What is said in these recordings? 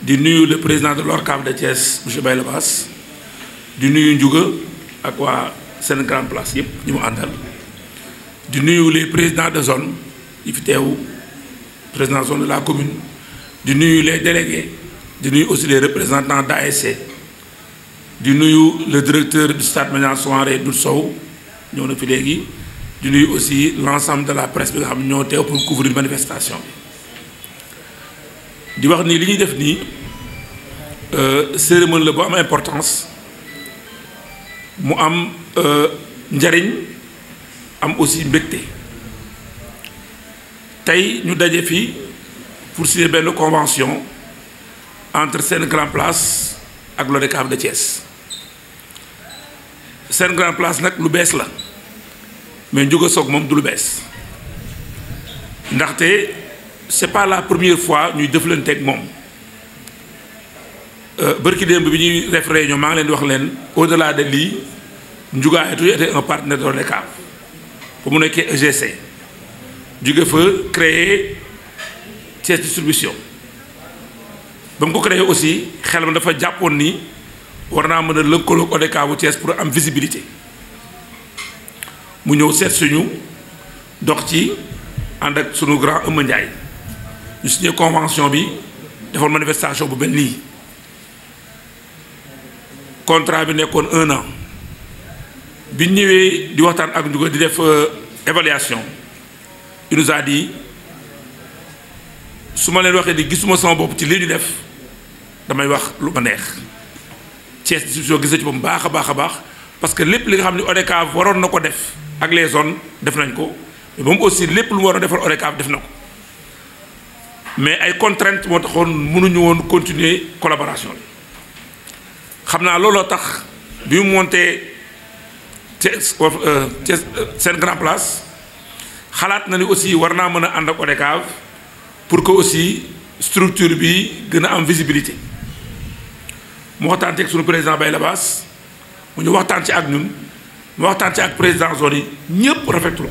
di nuyu le président de l'ORCAV de Thiès monsieur Baye Labasse di nuyu Ndiouga ak waa seen grand place yëpp ñi mu àndal di nuyu les présidents de zone yi fi teew président zone de la commune di nuyu les délégués di nuyu aussi les représentants d'ASC di nuyu le directeur du stade Maniang Soumaré Doudou Sow ñoo na fi léegi di nuyu aussi l'ensemble de la presse bi nga xam ñoo teew pour couvrir manifestation di wax nii li ñuy def nii euh, cérémonie la bu am importance mu am euh, njariñ am aussi mbégte tey ñu daje fii pour signer benn convention entre seen Grand Place ak l'ODCAV de Thiès Sen Grand Place nag lu bees la mais Ndiouga Sock moom du lu bees ndaxte c'est pas la première fois ñuy jëflante moom euh, bërki démb bi ñuy def ñoom maa ngi leen di wax leen au-delà de lii Ndiouga a toujours un partenaire de l'ODCAV ba mu nekkee EGC jóge fa créer Thiès distribution ba mu ko créé aussi xel ma dafa jàppoon ni war naa mën a lëkkaloog ODCAV bu Thiès pour am visibilité mu ñëw seet suñu dox ci ànd ak sunu grand Eumeu Ndiaye ñu signé convention bi defoon manifestation bu mel nii contrat bi nekkoon un an bi ñëwee di waxtaan ak ñu di def euh, évaluation il di su ma leen waxee di gisuma sama bopp ci lii di def damay wax lu ma neex Thiès distribution gis na ci moom baax a baax a baax parce que lépp li nga xam ne ODCAV waroon na ko def ak les zones def nañ ko mais moom aussi lépp lu mu waroon defar ODCAV def na ko. mais ay contraintes moo taxoon mënuñu woon continuer collaboration bi xam naa looloo tax bi mu monté euh, euh, seen grand place xalaat na ni aussi war naa mën a ànd ak ODCAV pour que aussi structure bi gën a am visibilité mu waxtaan ci ak sunu président Baye Labasse mu ñu waxtaan ci ak ñun mu waxtaan ci ak président zone yi ñépp rafetlu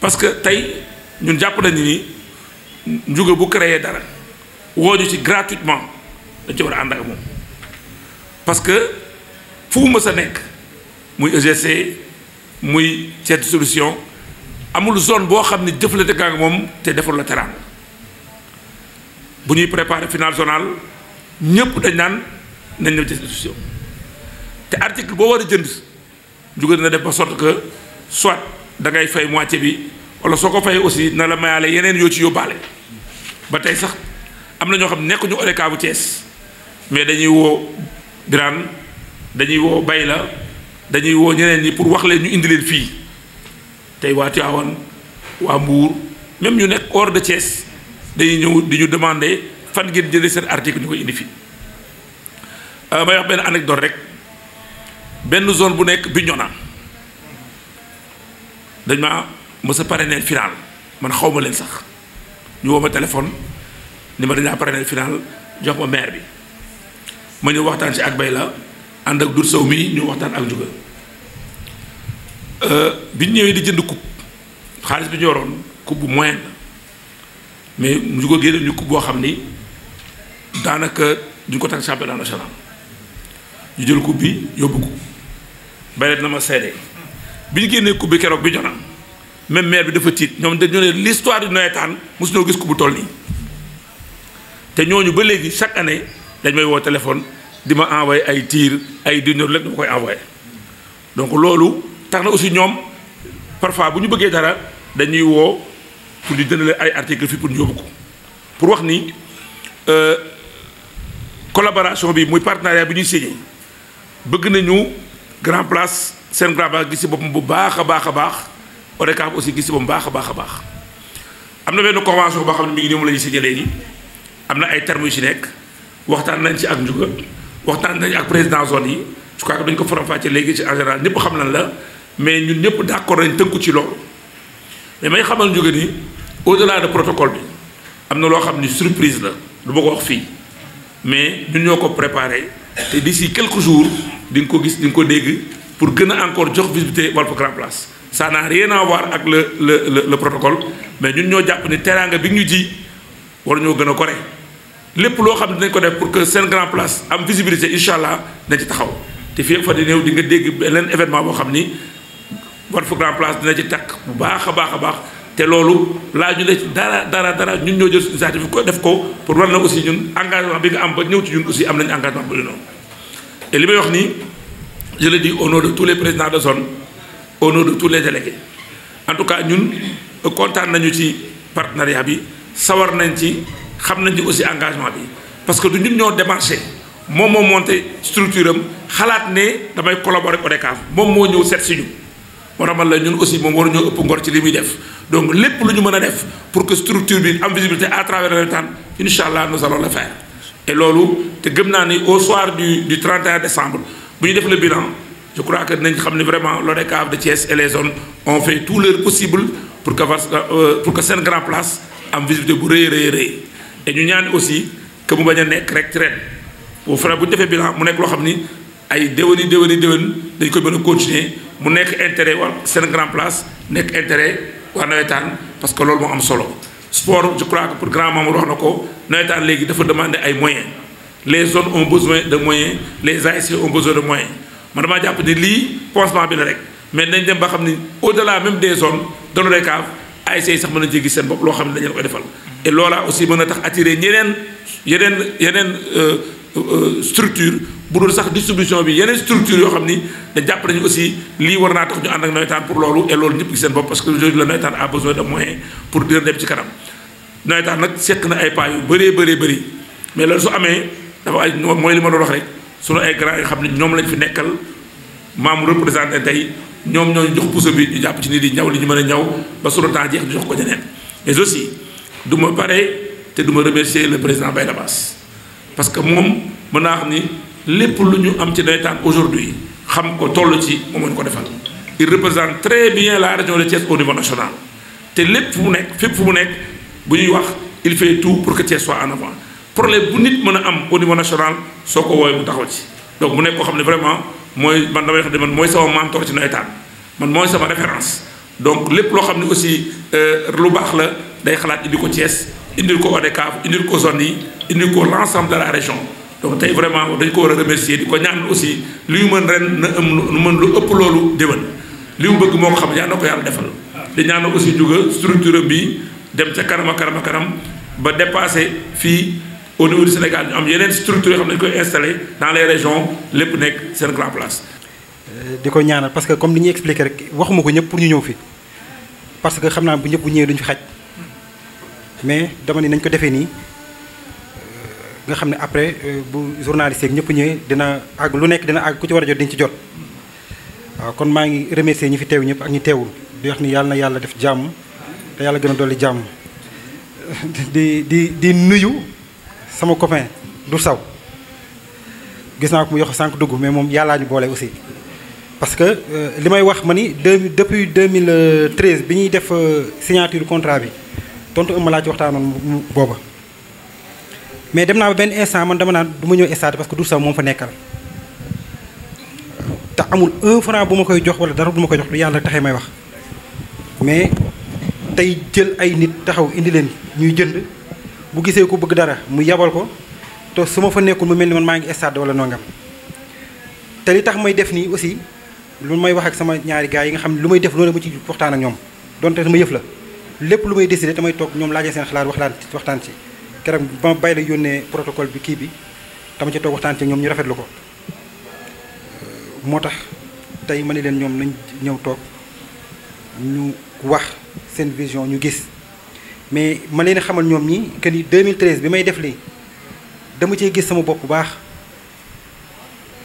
parce que tey ñun jàpp nañu ni. njuga bu créer dara woo ñu ci gratuitement dañ ci war a ànd ak moom parce que fu mu mës a nekk muy EGC muy cette solution amul zone boo xam ne jëflante gaa ngi moom te deful la teraan bu ñuy préparer finale zonale ñëpp dañ naan nañ ñëw ci solution te article boo war a jënd njuga dina def ba sorte que soit da ngay fay moitié bi wala soo ko fayee aussi na la mayaale yeneen yoo ci yóbbaale. ba tey sax am na ñoo xam nekkuñu ODCAV bu Thiès mais dañuy woo Birane dañuy woo la dañuy woo ñeneen ñi pour wax leen ñu indi leen fii tey waa Tivaouane waa Mbour même ñu nekk hors de dañuy ñëw di ñu demander fan ngeen jëlee seen article ñu koy indi fii euh, may wax benn anecdote rek benn zone bu nekk Bignona dañ ma mës a parrainer final man xaw ma leen sax. ñu woo ma téléphone ni ma dañaa parrainer final jox ma maire bi ma ñëw waxtaan ci ak bay la ànd ak dur sow mii ñu waxtaan ak juga euh, bi ñu ñëwee di jënd coupe xaalis bi ñu yoroon coupe bu moyenne mais mu ko génne ñu coupe boo xam ni daanaka duñ ko tag championnat national ñu jël coupe bi yóbbu ko bay la dina ma seede bi ñu génnee coupe bi keroog bi ñu même maire bi dafa tiit ñoom dañu ne l'histoire du nawetaan mosu ñoo gis ku bu toll nii te ñooñu ba léegi chaque année dañ may woo téléphone di ma envoyé ay tiir ay dinaru rek dama koy envoyé donc loolu tax na aussi ñoom parfois bu ñu bëggee dara dañuy woo pour ñu jëndale ay article fii pour ñu yóbbu ko pour wax ni euh, collaboration bi muy partenariat bi ñuy signé bëgg nañu grand place seen grand place gis si boppam bu baax a baax a baax ODCAV aussi gis si bu baax a baax a baax am na benn convention boo xam ne mi ngi nii moom la ñuy signé léegi am na ay termes yu si nekk waxtaan nañ ci ak Ndiouga waxtaan nañ ak président zone yi je crois que dañu ko faram-fàccee léegi ci en général ñëpp xam nañ la mais ñun ñëpp d' accord nañ tënku ci loolu mais may xamal Ndiouga ni au delà de protocole bi am na loo xam ni surprise la du ma ko wax fii mais ñun ñoo ko préparé te d' ici quelques jour di nga ko gis di nga ko dégg pour gën a encore jox visibilité Walf saanaar n'a rien à voir ak le le le protocole mais ñun ñoo jàpp ni teraanga bi ñu ji war ñoo gën a kore lépp loo xam ne dinañ ko def pour que seen grand place am visibilité incha allah dina ci taxaw te fii fa di néew di nga dégg beneen événement boo xam ni war fa grand place dina ci takk bu baax a baax a baax te loolu laa ñu ne dara dara dara ñun ñoo jël initiative ko def ko pour war na aussi ñun engagement bi nga am ba ñëw ci ñun aussi am nañu engagement bu ñu noonu. et li may wax nii je le dis au les présidents de zone. au nom de tous les délégués en tout cas ñun kontaan nañu ci partenariat bi sawar nañ ci xam nañ ci aussi engagement bi parce que du ñun ñoo démarché moom moo monté structure am xalaat ne damay collaborer ODCAV moom moo ñëw seet si ñu moo tax man la ñun aussi moom waru ñoo ëpp ngor ci li muy def donc lépp lu ñu mën a def pour que structure bi am visibilité à travers le temps incha allah nous allons le faire et loolu te gëm naa ni au soir du du 31 décembre bu ñu def le bilan. je crois que nañ xam ne vraiment l'ODCAV de Thiès et les zones ont fait tout leur possible pour que euh, pour que seen grand place am visibilité bu rëy rëy rëy et ñu ñaan aussi que mu bañ a nekk rek ci bu fra bu ñu defee bilan mu nekk loo xam ni ay déwéni déwéni déwén dañ koy mën a continuer mu nekk intérêt waa seen grand place nekk intérêt waa nawetaan parce que loolu moo am solo sport je crois que pour grand membre wax na ko nawetaan léegi dafa demander ay moyens les zones ont besoin de moyens les ASC ont besoin man damaa jàpp ne lii pansement bi la rek mais nañ dem ba xam ni au delà même des zones de l'ODCAV ASC sax mën a jéggi seen bopp loo xam ne dañu leen koy defal. et loola aussi mën a tax attirer ñeneen yeneen yeneen euh, euh, structure bu dul sax distribution bi yeneen structure yoo xam ni da jàpp nañu aussi lii war naa tax ñu ànd ak nawetaan pour loolu et loolu ñëpp gis seen bopp parce que aujourd'hui la nawetaan a besoin de pour dina dem ci kanam nawetaan nag sekk na ay pas yu bëree bëree bëri mais loolu su amee dafa ay mooy li ma doon wax rek. sunu ay grand yoo xam ne ñoom lañu fi nekkal maam représenté tey ñoom ñoo jox puso bi ñu jàpp ci nii yi ñaw li ñu mën a ñaw ba sunu temps jeex ñu jox ko ñeneen mais aussi du ma pare te du ma remercier le président Baye Labasse parce que moom mën naa xam ni lépp lu ñu am ci nawetaan aujourd'hui xam ko toll ci moom ñu ko defal il représente très bien la région de Thiès au niveau national te lépp fu mu nekk fépp fu mu nekk bu ñuy wax il fait tout pour que Thiès soit en avant problème bu nit mën a am au niveau national soo ko woowee mu taxaw ci donc mu nekk koo xam ne vraiment mooy man damay wax ne man mooy sama mentor ci nawetaan man mooy sama référence donc lépp loo xam ne aussi euh, lu baax la day xalaat indi ko Thiès indil ko ODCAV indil ko zone yi indil ko l' ensemble de la région donc tey vraiment dañ ko war a remercier di ko ñaan aussi li mu mën ren na am lu mën lu ëpp loolu déwén li mu bëgg moo ko xam yaa na ko yàlla defal di ñaan aussi juga structure bi dem ca kanam a kanam ba dépassé fii au niveau du Sénégal ñu am yeneen structure yoo xam ne dañu koy installé dans les région lépp nekk seen grand place. Euh, di ko ñaanal parce que comme li ñuy expliqué rek waxuma ko ñëpp pour ñu ñëw fi parce que xam naa bu ñëpp bu ñëwee duñu fi xaj mais dama ni nañ ko defee nii euh, nga xam ne après euh, bu journaliste yeeg ñëpp ñëwee dina àgg lu nekk dina àgg ku ci war a jot diñ ci jot. waaw kon maa ngi remercier ñi fi teew ñëpp ak ñu teewul di wax ni yàlla na yàlla def jàmm te yàlla gën a dolli di di sama copain du saw gis naa ko mu yox sànq dugg mais moom yàllaa ñu boole aussi parce que euh, li may wax ma ni deux depuis 2013 bi ñuy def euh, signature contrat bi tontu ëmb laa ci waxtaanoon booba mais dem naa ba benn instant man dama naan du ma ñëw stade parce que du saw moom fa nekkal te amul un franc bu ma koy jox wala dara bu ma koy jox lu yàlla taxee may wax mais tey jël ay nit taxaw indi leen ñuy jënd. bu gisee ko bëgg dara mu yabal ko te su ma fa nekkul mu mel ni man maa ngi stade wala nongam te li tax may def nii aussi lu may wax ak sama ñaari gars yi nga xam ne lu may def loolu ma ci waxtaan ak ñoom donte sama yëf la lépp lu may décidé damay toog ñoom laajee seen xalaat waxtaan waxtaan ci keroog ba bay la yónnee protocole bi kii bi dama ci toog waxtaan ñoom ñu rafetlu ko moo tax tey ma ne leen ñoom nañ ñëw toog ñu wax seen vision ñu gis mais ma leen xamal ñoom ñi que ni 2013 bi may def lii dama cee gis sama bopp bu baax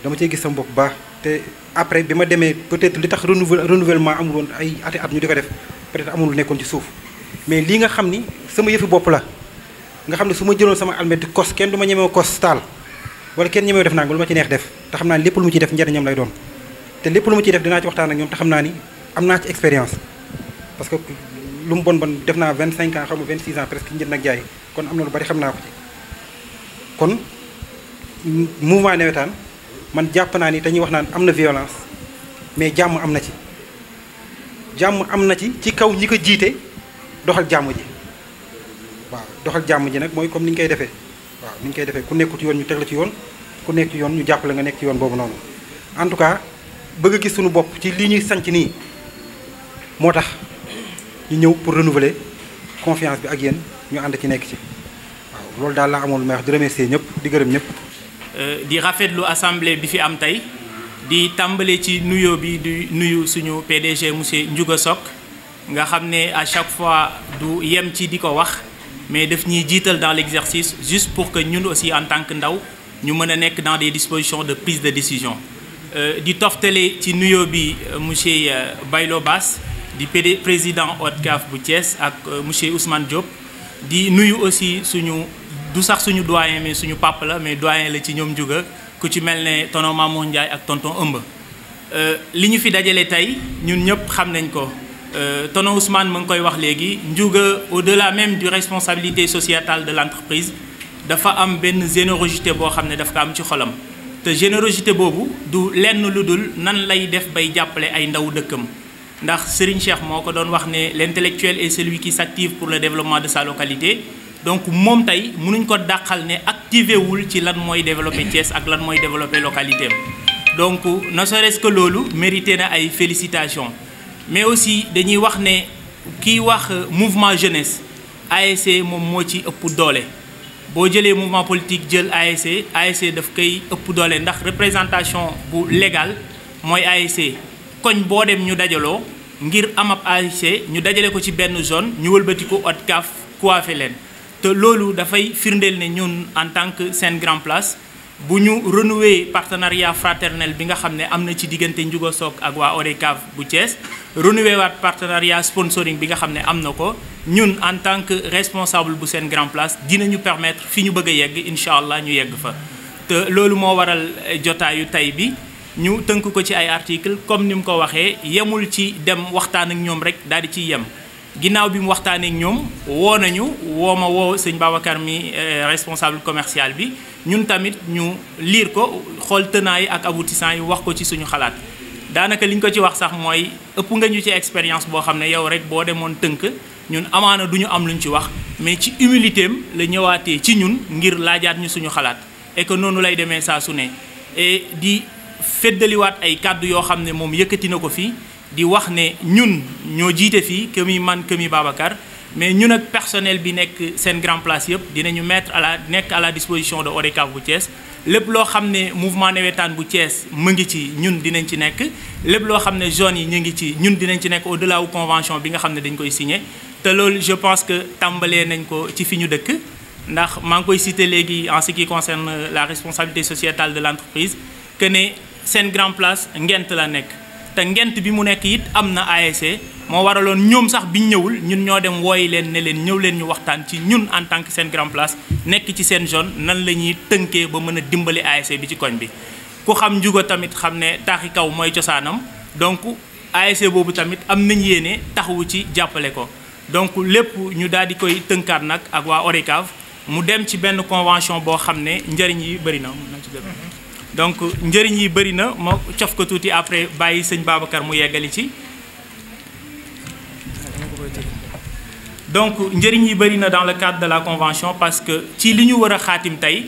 dama cee gis sama bopp bu baax te après bi ma demee peut-être li tax renouvellement amul woon ay ati at ñu di ko def peut-être amul nekkoon ci suuf mais lii nga xam ni sama yëfi bopp la nga xam ne su ma jëloon sama almet kos kenn du ma ñemee kos taal wala kenn ñemee def naa lu ma ci neex def te xam naa ni lépp lu mu ciy def njariñam lay doon te lépp lu mu ciy def dinaa ci waxtaan ak xam naa am naa ci expérience parce que lu mu bon bon def naa vingt cinq ans xaw ma vingt six ans presque njënd ak jaay kon am na lu bari xam naa ko ci kon mouvement nawetaan man jàpp naa ni dañuy wax naan am na violence mais jàmm am na ci jàmm am na ci ci kaw ñi ko jiite doxal jàmm ji waaw doxal jàmm ji nag mooy comme niñ ñu koy defee waaw ni ñu koy defee ku nekkul ci yoon ñu teg la ci yoon ku nekk ci yoon ñu jàppale nga nekk ci yoon boobu noonu en tout cas bëgg a gis suñu bopp ci lii ñuy sanc nii moo tax ñu ñëw pour renouveler confiance bi ak yéen ñu ànd ci nekk ci waaw loolu daal la amoon lu may wax di remercier ñëpp di gërëm ñëpp. Euh, di rafetlu assemblée bi fi am tey di tàmbalee ci nuyoo bi di nuyu suñu PDG monsieur Ndiouga Sock nga xam ne à chaque fois du yem ci di ko wax mais daf ñuy jiital dans l'exercice juste pour que ñun aussi en tant que ndaw ñu mën a nekk dans de disposition de prise de décision. Euh, di toftale ci nuyoo bi euh, monsieur Baylo Bass. di président ODCAV bu cees ak euh, monsieur Ousmane Diop di nuyu aussi suñu du sax suñu doyen mais suñu papa la mais doyen la ci ñoom juga ku ci mel ne tonton Mamour Ndiaye ak tonton ëmb euh, li ñu fi dajale tey ñun ñëpp xam nañ ko euh, tonton Ousmane mu ngi koy wax léegi njuga au-delà même du responsabilité sociétale de l'entreprise dafa am benn générosité boo xam ne daf ko am ci xolam te générosité boobu du lenn lu dul nan lay def bay jàppale ay ndaw dëkkam ndax Serigne Cheikh moo ko doon wax ne l'intellectuel et celui qui s'active pour le développement de sa localité donc moom tey mënuñ ko dàqal ne activé wul ci lan mooy développé Thiès ak lan mooy développé localité donc ne serait que loolu mérité na ay félicitation mais aussi dañuy wax ne kiy wax mouvement jeunesse ASC moom moo ci ëpp doole boo jëlee mouvement politique jël ASC ASC daf koy ëpp doole ndax représentation bu légale mooy ASC koñ boo dem ñu dajaloo ngir am ab ASC ñu dajale ko ci benn zone ñu wëlbati ko at kaaf coiffé leen te loolu dafay firndeel ne ñun en tant que Sen Grand Place bu ñu renouer partenariat fraternel bi nga xam ne am na ci diggante Ndiouga Sock ak waa ODCAV bu cees renouer waat partenariat sponsoring bi nga xam ne am na ko ñun en tant que responsable bu seen Grand Place dinañu permettre fi ñu bëgg a yegg incha allah ñu yegg fa te loolu moo waral eh, jotaayu tey bi ñu tënk ko ci ay article comme ni mu ko waxee yemul ci dem waxtaan ak ñoom rek daal di ciy yem ginnaaw bi mu waxtaanee ñoom woo nañu woo ma woo sëñ Babacar mi euh, responsable commercial bi ñun tamit ñu liir ko xool tenants yi ak aboutissants yi wax ko ci suñu xalaat daanaka li ko ci wax sax mooy ëpp nga ñu ci expérience boo xam ne yow rek boo demoon tënk ñun amaana du ñu am lu ci wax mais ci humilité am la ñëwaatee ci ñun ngir laajaat ñu suñu xalaat et que noonu lay demee saa su ne di. feddaliwaat ay kàddu yoo xam ne moom yëkkati na ko fii di wax ne ñun ñoo jiite fii këmi man këmi Babacar mais ñun ak personnel bi nekk seen grand place yëpp dinañu mettre à la nekk à la disposition de ODCAV bu Thiès lépp loo xam ne mouvement nawetaan bu cees mu ngi ci ñun dinañ ci nekk lépp loo xam ne zone yi ñu ngi ci ñun dinañ ci nekk au delà convention bi nga xam ne dañ koy signé te loolu je pense que tàmbalee nañ ko ci fi ñu dëkk ndax maa ngi koy cité léegi en ce qui concerne la responsabilité sociétale de l'entreprise que seen grand place ngent la nekk te ngent bi mu nekk it am na ASC moo waraloon ñoom sax biñ ñëwul ñun ñoo dem wooyi leen ne leen ñëw leen ñu waxtaan ci ñun en tant que seen grand place nekk ci seen zone nan la ñuy tënkee ba mën a dimbali ASC bi ci koñ bi ku xam njugo tamit xam ne taaxi kaw mooy cosaanam donc ASC boobu tamit am nañ yéene taxawu ci jàppale ko donc lépp ñu daal di koy tënkaat nag ak waa ORICAV mu dem ci benn convention boo xam ne njëriñ yi bëri na. donc njëriñ yi bëri na ma cof ko tuuti après bàyyi sëñ Babacar mu yeggali ci donc njëriñ yi bëri na dans le cadre de la convention parce que ci li ñu war a xaatim tey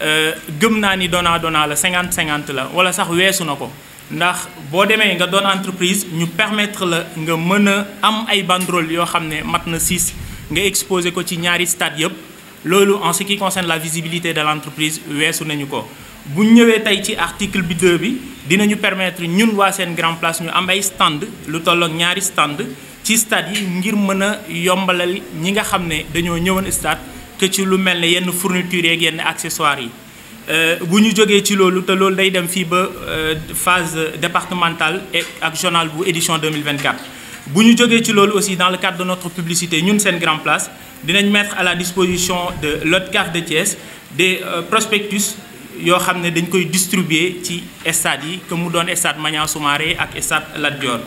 euh, gëm naa ni donnant donnant la cinquante cinquante la wala sax weesu na ko ndax boo demee nga doon entreprise ñu permettre la nga mën a am ay banderole yoo xam ne mat na six nga exposé ko ci ñaari stade yëpp loolu en ce qui concerne la visibilité de l' entreprise weesu nañu ko bu ñëwee tey ci article bi 2 bi dinañu permettre ñun waa seen grand place ñu am ay stand lu tollook ñaari stand ci stade yi ngir mën a yombalal ñi nga xam ne dañoo ñëwoon stade que ci lu mel ne yenn fourniture yeeg yenn accessoires yi euh, bu ñu jógee ci loolu te loolu day dem fii ba euh, phase départementale et ak journal bu édition 2024 bu ñu jógee ci loolu aussi dans le cadre de notre publicité ñun seen grand place dinañ mettre à la disposition de l'ODCAV de Thiès des euh, prospectus yoo xam ne dañ koy distribuer ci stade yi que mu doon stade Maniang Soumaré ak stade Lat Dior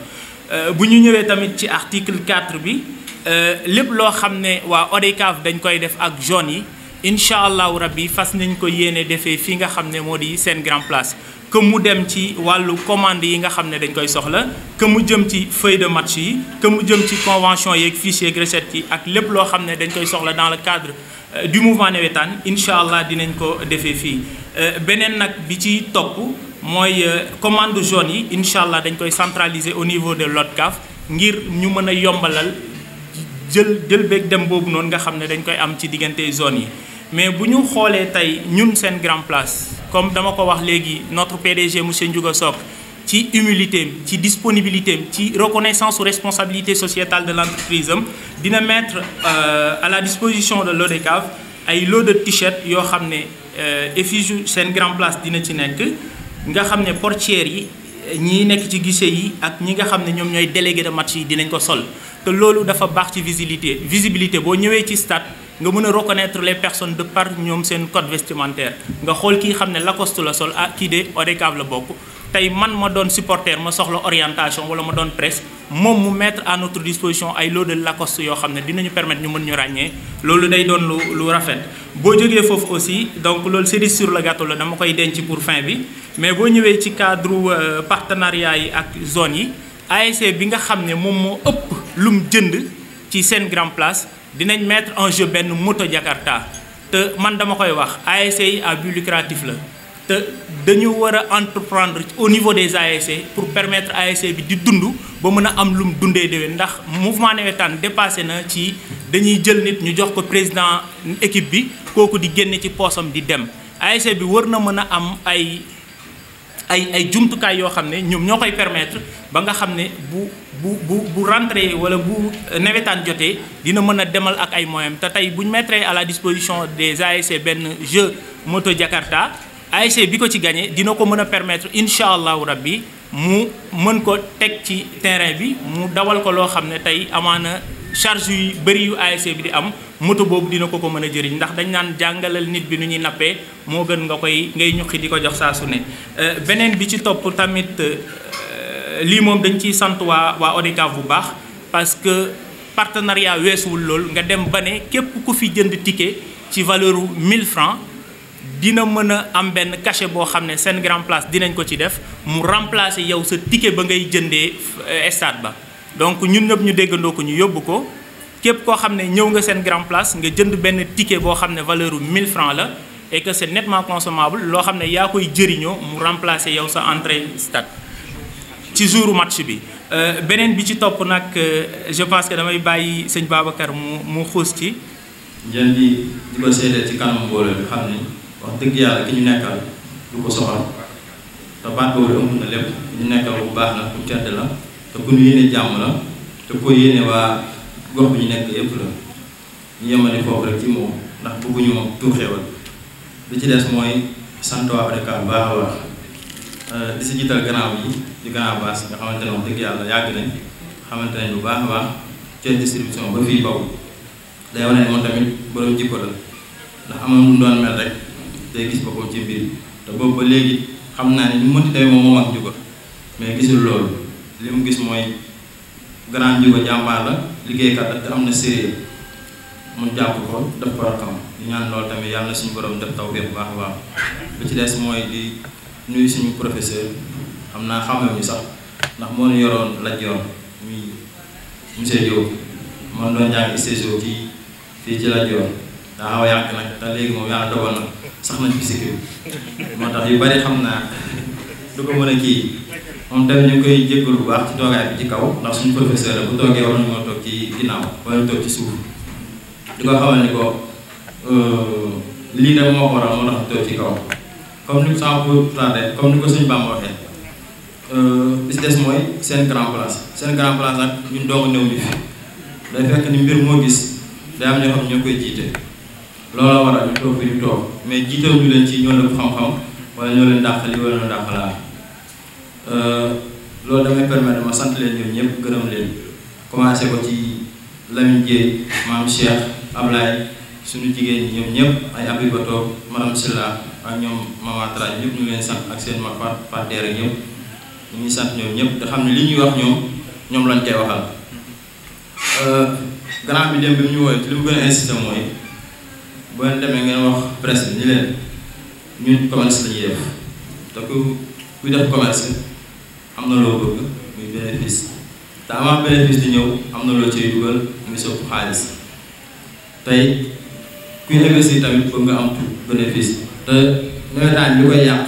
euh, bu ñu ñëwee tamit ci article 4 bi euh, lépp loo xam ne waa ODCAV dañ koy def ak zone yi incha allahu rabbi fas nañ ko yéene defee fi nga xam ne moo di seen grand place que mu dem ci wàllu commande yi nga xam ne dañ koy soxla que mu jëm ci feuille de match yi que mu jëm ci convention yeeg fiche yeeg recette yi ak lépp loo xam ne dañ koy soxla dans le cadre euh, du mouvement nawetaan incha allah dinañ ko defee fii. Euh, beneen nag bi ci topp mooy euh, commande jaune yi incha allah dañ koy centraliser au niveau de l'ODCAV ngir ñu mën a yombalal jël jël beeg dem boobu noonu nga xam ne dañ koy am ci diggante zone yi. mais bu ñu xoolee tey ñun seen grand place comme dama ko wax léegi notre PDG monsieur Ndiouga Sock ci humilité ci disponibilité am ci reconnaissance ou responsabilité sociétale de l'entreprise am dina mettre euh, à la disposition de l'ODCAV ay lot de t-shirt yoo xam ne euh, effigie seen grand place dina ci nekk nga xam ne portières yi ñi nekk ci gisee yi ak ñi nga xam ne ñoom ñooy délégué de match yi dinañ ko sol te loolu dafa baax ci visibilité visibilité boo ñëwee ci stade nga mën a reconnaître les personnes de par ñoom seen code vestimentaire nga xool kii xam ne Lacoste la sol a ah, kii de Odekav la bokk tey man ma doon supporter ma soxla orientation wala ma doon presse moom mu mettre à notre disposition ay lot de Lacoste yoo xam ne dinañu permettre ñu mën ñu ràññee loolu day doon lu lu rafet boo jógee foofu aussi donc loolu cerise sur le gâteau la dama koy denc pour fin bi mais boo ñëwee ci cadre euh, partenariat yi ak zone yi ASC bi nga xam ne moom moo ëpp lum jënd ci seen grand dinañ mettre en jeu benn moto Jakarta te man dama koy wax ASC yi à but lucratif la te dañu war a entreprendre au niveau des ASC pour permettre ASC bi di dund ba mën a am lum dundee déwén ndax mouvement nawetaan dépassé na ci dañuy jël nit ñu jox ko président équipe bi kooku di génne ci poosam di dem ASC bi war na mën a am ay. ay ay jumtukaay yoo xam ne ñoom ñoo koy permettre ba nga xam ne bu bu bu bu rentrée wala bu euh, nawetaan jotee dina mën a demal ak ay moyens te tey bu ñu mettre à la disposition des ASC benn jeu moto Jakarta ASC bi ko ci gagné dina ko mën a permettre incha allahu rabbi mu mën ko teg ci terrain bi mu dawal ko loo xam ne tey amaana charge yu bëri yu ASC bi di am. moto boobu dina ko ko mën a jëriñ ndax dañ naan jàngalal nit bi nu ñuy nappee moo gën nga koy ngay ñuqi di ko jox saa su ne euh, beneen bi ci topp tamit euh, lii moom dañ ciy sant waa waa ODCAV bu baax parce que partenariat weesuwul lool nga dem ba ne képp ku fi jënd ticket ci valeur mille 1000 francs dina mën a am benn cachet boo xam ne seen grand place dinañ ko ci def mu remplacer yow sa ticket ba ngay jëndee euh, stade ba donc ñun ñëpp ñu déggandoo ko ñu yóbbu ko képp koo xam ne ñëw nga seen grand place nga jënd benn ticket boo xam ne valeur u 1000 la et que c' est loo xam ne yaa koy jëriñoo mu remplacer yow sa entrée stade ci jouru match bi. Euh, beneen bi ci topp nag euh, je pense que damay bàyyi sëñ Babacar mu mu xuus ci. jën li di ko seedee ci kanam mbooloo bi xam ni wax dëgg yàlla ki ñu nekkal du ko soxal te baat boobu ëmb na lépp ñu nekkal bu baax na ku tedd la te ku ñu yéene jàmm la te ku gox bi ñu nekk yëpp la ñu yemale foofu rek ci moom ndax bëgguñu moom tuur xéewal li ci des mooy sant waa Odeka baax a baax euh, di si jiital bi yi di gannaaw baas nga xamante ne wax dëgg yàlla yàgg xamante ne bu baax a baax ci distribution ba fii baw day wane ne moom tamit borom jikko la ndax amoon lu doon mel rek day gis boppam ci mbir te boobu ba léegi xam naa ne ñu mënti demee moom moom ak jikko mais gisul loolu li mu gis mooy. grand jigo jàmbaar la liggéeykat la te am na séeréer mun jàpp ko def ko rakam di ñaan loolu tamit yàlla suñu borom def taw bu baax a baax lu ci des mooy di nuyu suñu professeur xam naa xamew ñu sax ndax moo ñu yoroon laj yoon muy monsieur Diop moom doon jàng séjour ci fii ci laj yoon daa xaw a nag te léegi moom yàlla dogal na sax nañ fi sikki moo tax yu bari xam naa du ko mën a kii moom tamit ñu ngi koy jéggal bu ci toogaay bi ci kaw ndax suñu professeur bu toogee war nañoo toog toog ci suuf di ko euh, toog ci kaw comme ni sans pour comme ni ko suñu Bàmba waxee euh, bis mooy seen grand place seen grand place nag ñun dong néew ñu day fekk ni mbir moo gis day am ñoo xam ñoo koy jiite looloo waral ñu toog fi ñu toog mais jiital leen ci ñoo leen xam-xam wala ñoo leen dàqali wala ñoo dàqalaat Euh, loolu damay permettre ma sant leen ñoom ñëpp gërëm leen commencé ko ci Lamine Dieye maam Cheikh Ablaye suñu jigéen ñi ñëpp ay Habib Bato madame Silla ak ñoom Mama Tra ñëpp ñu leen sant ak seen ma part partenaire ak ñëpp ñu ngi sant ñoom ñëpp te xam ne li ñuy wax ñoom ñoom lañ koy waxal euh, grand bi dem bi mu ñu woowee ci li mu gën a insisté mooy boo leen demee ngeen wax presse ni leen ñun commerce la ñuy te ku kuy def commerce am na loo bëgg muy bénéfice te avant bénéfice di ñëw am na loo ci dugal muy soppu xaalis tey kuy investir tamit bëgg nga am bénéfice te nawetaan li koy yàq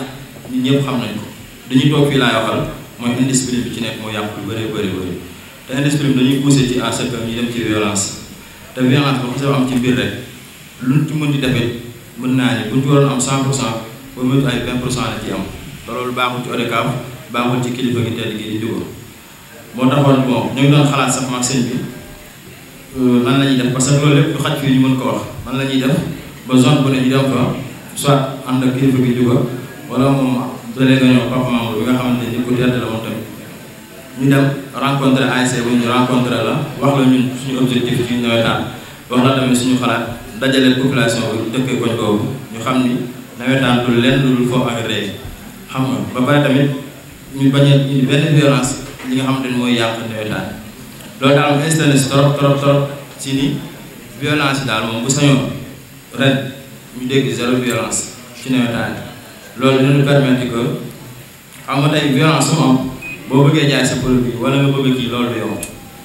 ñun ñëpp xam nañ ko dañuy toog fii laay waxal mooy indiscipline bi ci nekk moo yàq lu bëree bëri bëri te indiscipline dañuy pousser ci à ce ñu dem ci violence te violence boo xasee am ci mbir rek luñ ci mën di defee mën naa ne buñ ci waroon am 100 pour cent ba mu ay 20 pour la ci am te baaxul ci kilifa gi tedd gi di jógoon moo taxoon bon ñu ngi doon xalaat sax maag bi euh, lan la ñuy parce que loolu lépp du xaj fii ñu mën ko wax lan la ñuy ba zone bu ne ñu dem fa soit ànd ak kilifa gi jóga wala moom délégué ñoo Papa Mamadou bi nga xamante ni ku tedd la moom tamit ñu dem rencontré ASC bu ñu rencontré la wax la suñu objectif ci nawetaan wax la tamit suñu xalaat dajale population bi dëkkee koñ boobu ñu xam ni nawetaan du ñu bañ a indi benn violence li nga xam ne mooy yàq nawetaan loolu daal mu installé si trop trop trop si ni violence yi daal moom bu sañoon ren ñu dégg zéro violence ci nawetaan loolu dinañu permettre que xam nga tey violence su boo bëggee jaay sa bi wala nga bëgg kii loolu du yomb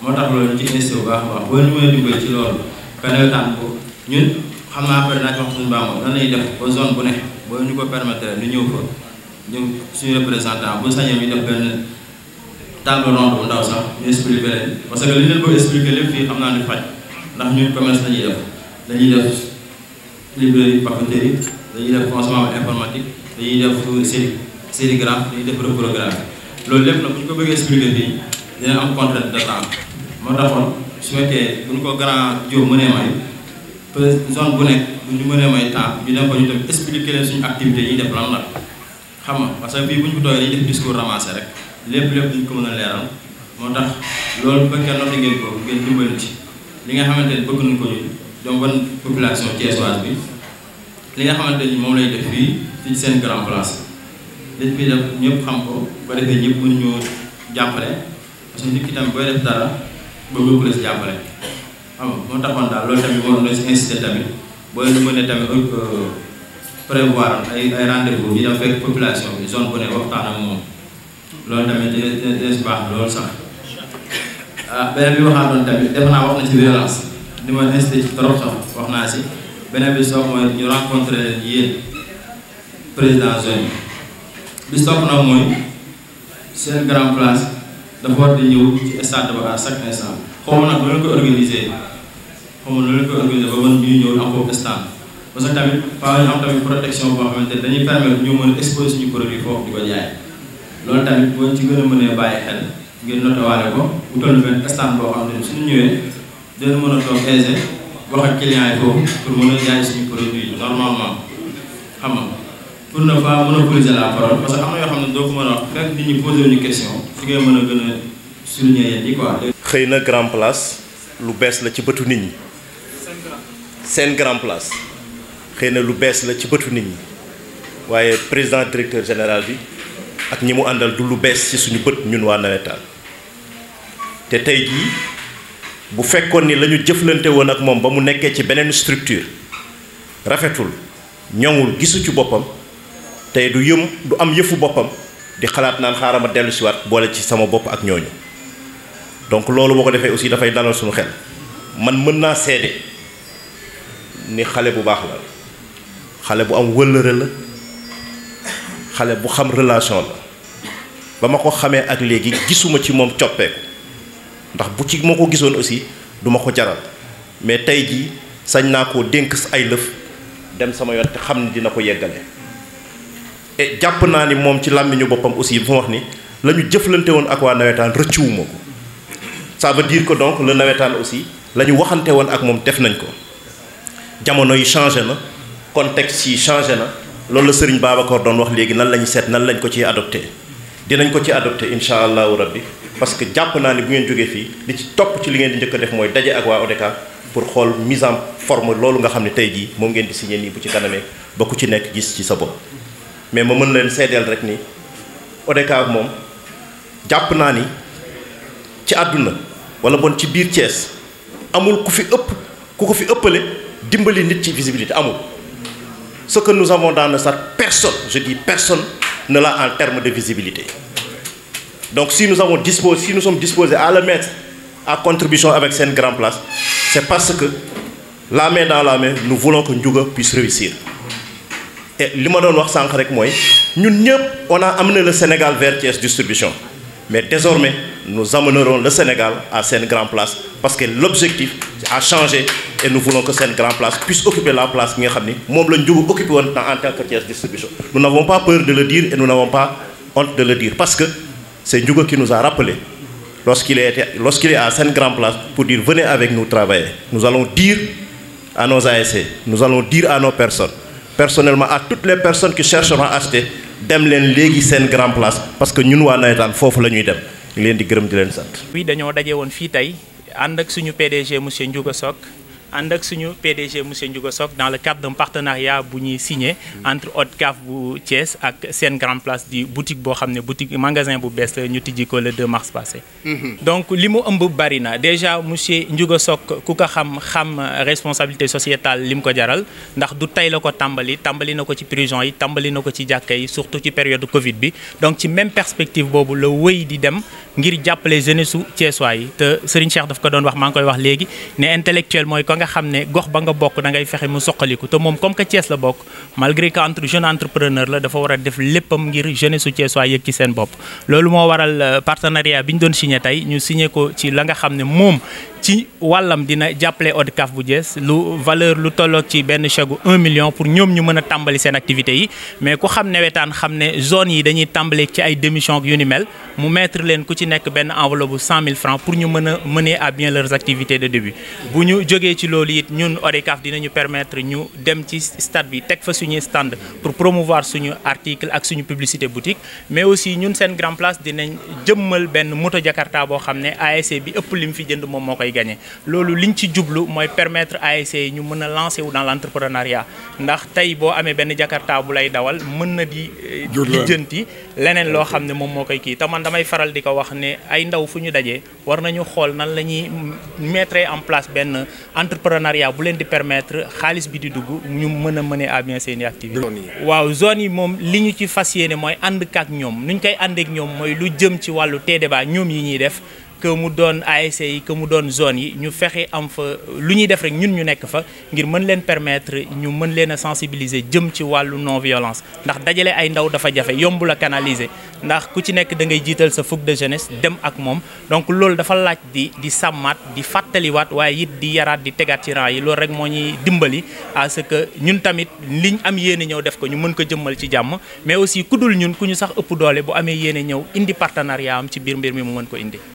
moo tax loolu ñu ci insisté bu baax a baax boo ñu mën a dimbali ci loolu ba nawetaan ko ñun xam naa après naa ci wax suñu baax moom nan lay def ba zone bu ne boo ñu ko permettre ñu ñëw ko. ñëw suñu représentant bu sañoon ñu def benn table ronde bu ndaw sax ñu expliquer leen parce que li leen bëgg expliquer lépp fii xam naa ne faj ndax ñun commerce lañuy def dañuy def librairie papeterie dañuy def consommable informatique dañuy def séri sérigraphe dañuy def reprographie loolu lépp nag bu ñu ko bëggee expliquer fii dina am contrainte de temps moo taxoon su fekkee bu ñu ko grand jiw mënee may zone bu nekk bu ñu mënee may temps bi dem ko ñu activité yi def lan xam nga parce que bii bu ñu ko toogee dañuy def discours ramassé rek lépp lépp duñ ko mën a leeral moo tax loolu bu fekkee noté ngeen ko ngeen dimbali li nga xamante ni bëgg nañ ko ñun ban population thiessoise bi li nga xamante ni moom lay def fii si seen grand place dañ koy def ñëpp xam ko ba defee ñëpp mën ñoo jàppale parce que nit ki tamit booy def dara ba ñëpp la si jàppale xam nga moo taxoon daal loolu tamit moo doon si incité tamit booy mën ne tamit euh, prévoir ay ay rendez-vous ñu fekk population bi zone bu waxtaan ak moom loolu tamit dina ah, wax na ci violence ni ma trop sax wax naa si beneen bi mooy ñu rencontré leen président zone bi na mooy seen grand place dafa war di ñëw stade ba à chaque instant xaw ma nag lu leen ko organiser xaw ma lu leen ko organiser ba mën ñëw am foofu stade parce que tamit faaw ñu am tamit protection boo xamante ne dañuy permettre ñu mën a exposer suñu produit foofu di ko jaay loolu tamit boo ci gën a mënee bàyyi xel ngeen notewaale ko bu toll benn stand boo xam ne suñu mën a toog aisé wax ak client yi foofu pour mën a ko mën a wax fekk nit ñi posé ñu question mën a gën a souligner yéen yi xëy na grand place lu bees la ci bëtu nit ñi. seen grand place. xëy na lu bees la ci bëtu nit ñi waaye président directeur général bi ak ñi mu àndal du lu bees ci suñu bët ñun waa nawetaan te tey jii bu fekkoon ni lañu ñu jëflante woon ak moom ba mu nekkee ci beneen structure rafetul ñoŋul gisu ci boppam tey du yëm du am yëfu boppam di xalaat naan xaaral ma dellu siwaat boole ci sama bopp ak ñooñu donc loolu boo ko defee aussi dafay dalal suñu xel man mën naa seede ni xale bu baax la xale bu am wëllëre la xale bu xam relation la ba ma ko xamee ak léegi gisuma ci moom coppeeku ndax bu ci ma ko gisoon aussi duma ko jaral mais tey jii sañ naa ko dénk ay lëf dem sama yoon te xam ne dina ko yeggale et jàpp naa ni moom ci làmmiñu boppam aussi bu ma wax ni la ñu jëflante woon ak waa nawetaan rëccuwuma ko ça veut ko donc le nawetaan aussi la ñu waxante woon ak moom def nañ ko jamono yi changé na contexte yi changé na loolu la sëriñ Babacar doon wax léegi nan la ñu seet nan lañ ko ci adopté dinañ ko ci adopté incha allahu rabbi parce que jàpp naa ne bu ngeen jógee fii li ci topp ci li ngeen di njëkk a def mooy daje ak waa ODCAV pour xool mise en forme loolu nga xam ne tey jii moom ngeen di signé nii bu ci kanamee ba ku ci nekk gis ci sa bopp mais ma mën leen seddeel rek ni ODCAV moom jàpp naa ni ci àdduna wala bon ci biir cees amul ku fi ëpp ku ko fi ëppale dimbali nit ci visibilité amul ce que nous avons dans le personne, je dis personne, ne l'a en termes de visibilité. Donc si nous, avons disposé, si nous sommes disposés à le mettre à contribution avec seen grande place, c'est parce que la main dans la main, nous voulons que Ndjouga puisse réussir. li ma doon wax veux rek mooy ñun nous, on am na le Sénégal vers TS Distribution. Mais désormais, nous amènerons le Sénégal à cette grande place parce que l'objectif a changé et nous voulons que cette grande place puisse occuper la place que nous avons occupée en tant que tiers distribution. Nous n'avons pas peur de le dire et nous n'avons pas honte de le dire parce que c'est Ndjougo qui nous a rappelé lorsqu'il est, à cette grande place pour dire venez avec nous travailler. Nous allons dire à nos ASC, nous allons dire à nos personnes, personnellement à toutes les personnes qui dem leen léegi seen grand place parce que ñun waa nawetaan foofu la ñuy dem ñu leen di gërëm di leen sant. oui dañoo dajee woon fii tey ànd ak suñu PDG monsieur Ndiouga Sock ànd ak suñu PDG monsieur Ndiouga Sock dans le cadre d'un partenariat bu ñuy signé entre Odcaf bu Thiès ak seen grand place di boutique boo xam ne boutique magasin bu bees la ñu tijji ko le 2 mars passé. Mhm. donc li mu ëmb bari na déjà monsieur Ndiouga Sock ku ko xam xam responsabilité sociétale li mu ko jaral ndax du tey la ko tàmbali tàmbali na ko ci prison yi tàmbali na ko ci jàkka yi surtout ci période Covid bi donc ci même perspective boobu la wéy di dem ngir jàppale jeunesse su Thiessois yi te Serigne Cheikh ko doon wax maa ngi koy wax léegi nga xam ne gox ba nga bokk na ngay fexe mu soqaliku te moom comme que Thiès la bokk malgré que entre jeune entrepreneur la dafa war a def léppam ngir jeunesse su Thiès waa yëg ci seen bopp loolu moo waral euh, partenariat bi ñu doon signé tey ñu signé ko ci la nga xam ne moom ci wàllam dina jàppale ODCAV bu Thiès lu valeur lu tolloog ci benn chèque gu million pour ñoom ñu mën a tàmbali seen activités yi mais ku xam ne nawetaan xam ne zone yi dañuy tàmbali ci ay démission yu ni mel mu mettre leen ku ci nekk benn enveloppe bu 100 000 pour ñu mën a mener à bien leurs activités de début. bu ñu jógee ci loolu it ñun ODCAV dinañu permettre ñu dem ci stade bi teg fa suñuy stand pour promouvoir suñu article ak suñu publicité boutique mais aussi ñun seen grand place dinañ jëmmal benn moto Jakarta boo xam ne ASC bi ëpp lim fi jënd moom moo koy gagné loolu ñu ci jublu mooy permetre ASC yi ñu mën a lancer wu dans l' entrepreneuriat ndax tey boo amee benn jakarta bu lay dawal mën na di euh, lijjanti leneen loo xam ne moom moo koy kii te man damay faral di ko wax ne ay ndaw fu ñu dajee war nañu xool nan la ñuy mettre en place benn entrepreneuriat bu leen di permettre xaalis bi di dugg ñu mën a mëne à bien seeni activité waaw zone yi moom li ñu ci fas yéene mooy ànd ak ñoom nuñ koy àndeek ñoom mooy lu jëm ci wàllu tee ñoom yi ñuy def que mu doon ASC yi que mu doon zone yi ñu fexe am fa lu ñuy def rek ñun ñu nekk fa ngir mën leen permettre ñu mën leen a sensibiliser jëm ci wàllu non violence ndax dajale ay ndaw dafa jafe yomb la canaliser ndax ku ci nekk da ngay jiital sa fougue de jeunesse dem ak moom donc loolu dafa laaj di di sàmmaat di fàttaliwaat waaye it di yaraat di tegaat ci yi loolu rek moo ñuy dimbali à ce que ñun tamit liñ am yéene ñëw def ko ñu mën ko jëmmal ci jàmm mais aussi ku dul ñun ku ñu sax ëpp doole bu amee yéene ñëw indi partenariat ci biir mbir mi mu mën ko indi